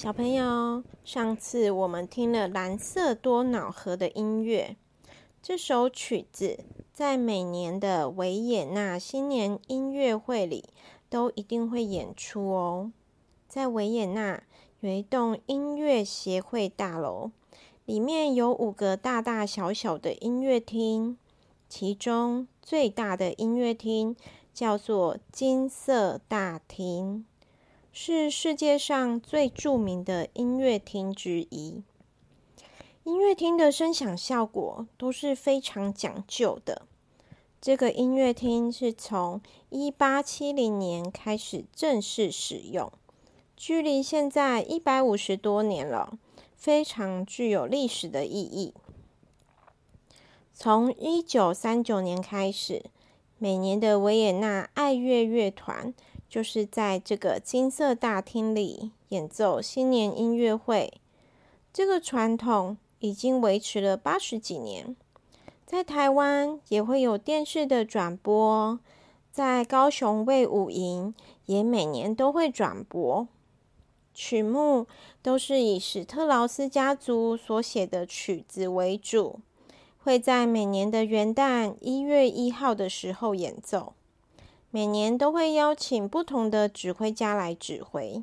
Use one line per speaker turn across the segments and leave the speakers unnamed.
小朋友，上次我們聽了藍色多瑙河的音樂，這首曲子在每年的維也納新年音樂會裡都一定會演出哦。在維也納有一棟音樂協會大樓，裡面有五個大大小小的音樂廳，其中最大的音樂廳叫做金色大廳。是世界上最著名的音樂廳之一。音樂廳的聲響效果都是非常講究的。這個音樂廳是從一八七零年開始正式使用，距離現在一百五十多年了，非常具有歷史的意義。從一九三九年開始，每年的維也納愛樂樂團，就是在這個金色大廳裡演奏新年音樂會，這個傳統已經維持了八十幾年。在台灣也會有電視的轉播，在高雄衛武營也每年都會轉播。曲目都是以史特勞斯家族所寫的曲子為主，會在每年的元旦一月一號的時候演奏。每年都會邀請不同的指揮家來指揮。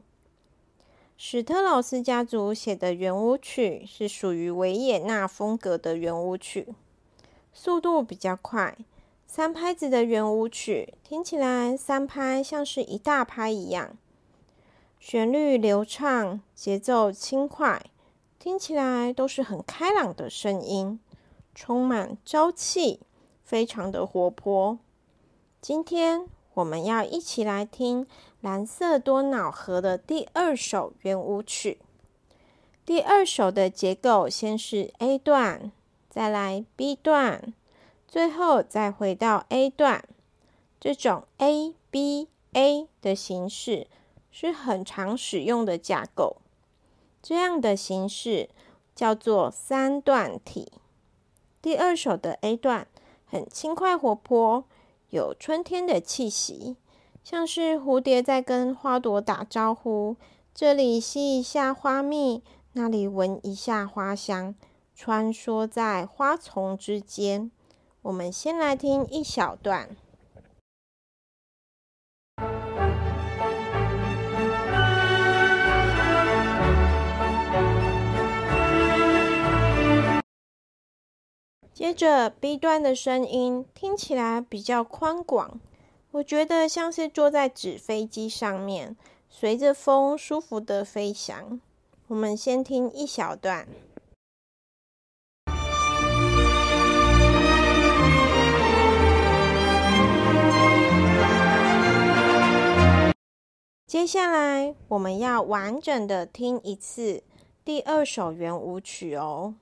史特勞斯家族寫的圓舞曲是屬於維也納風格的圓舞曲，速度比較快，三拍子的圓舞曲聽起來三拍像是一大拍一樣，旋律流暢，節奏輕快，聽起來都是很開朗的聲音，充滿朝氣，非常的活潑。今天我們要一起來聽藍色多瑙河的第二首圓舞曲。第二首的結構先是 A 段，再來 B 段，最後再回到 A 段。這種 A B A 的形式是很常使用的架構。這樣的形式叫做三段體。第二首的 A 段很輕快活潑。有春天的氣息，像是蝴蝶在跟花朵打招呼。這裡吸一下花蜜，那裡聞一下花香，穿梭在花叢之間。我們先來聽一小段。接着 B 段的聲音聽起來比較寬廣，我覺得像是坐在紙飛機上面，隨着風舒服的飛翔。我們先聽一小段。接下來我們要完整的聽一次第二首圓舞曲哦。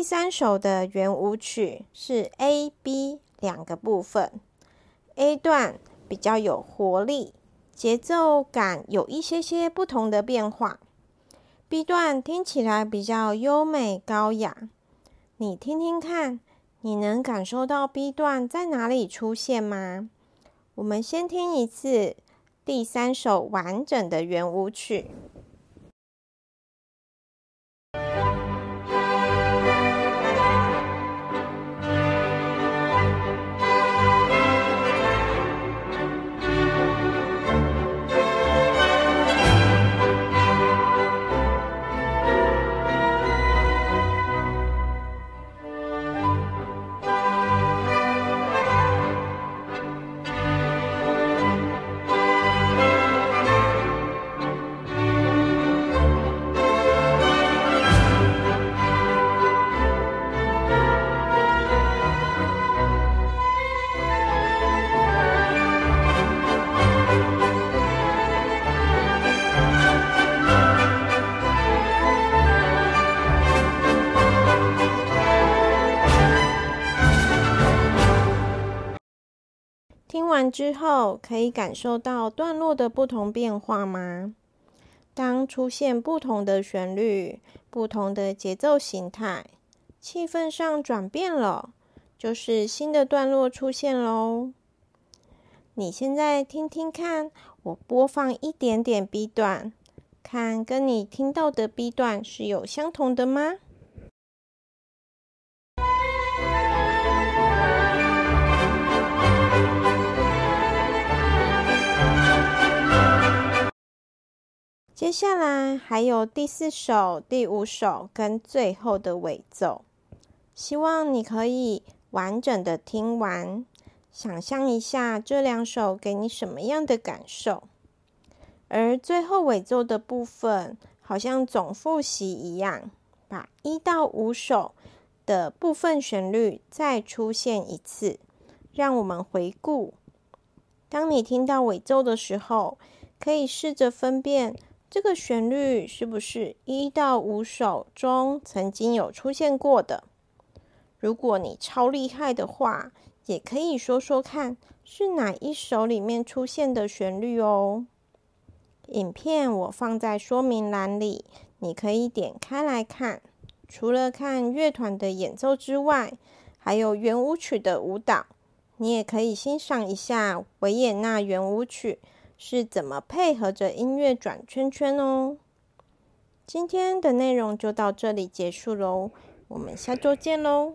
第三首的圓舞曲是 A、B 兩個部分，A 段比較有活力，節奏感有一些些不同的變化；B 段聽起來比較優美高雅。你聽聽看，你能感受到 B 段在哪裡出現嗎？我們先聽一次第三首完整的圓舞曲。之後，可以感受到段落的不同變化嗎？當出現不同的旋律、不同的節奏形態，氣氛上轉變了，就是新的段落出現嘍。你現在聽聽看，我播放一點點 B 段，看跟你聽到的 B 段是有相同的嗎？接下來還有第四首、第五首跟最後的尾奏，希望你可以完整的聽完，想象一下這兩首給你什麼樣的感受。而最後尾奏的部分，好像總複習一樣，把一到五首的部分旋律再出現一次，讓我們回顧。當你聽到尾奏的時候，可以試着分辨。這個旋律是不是一到五首中曾經有出現過的？如果你超厲害的話，也可以說說看是哪一首裡面出現的旋律哦。影片我放在說明欄裡，你可以點開來看。除了看樂團的演奏之外，還有圓舞曲的舞蹈，你也可以欣賞一下維也納圓舞曲。是怎麼配合着音樂轉圈圈哦？今天的內容就到這裡結束嘍，我們下周見嘍！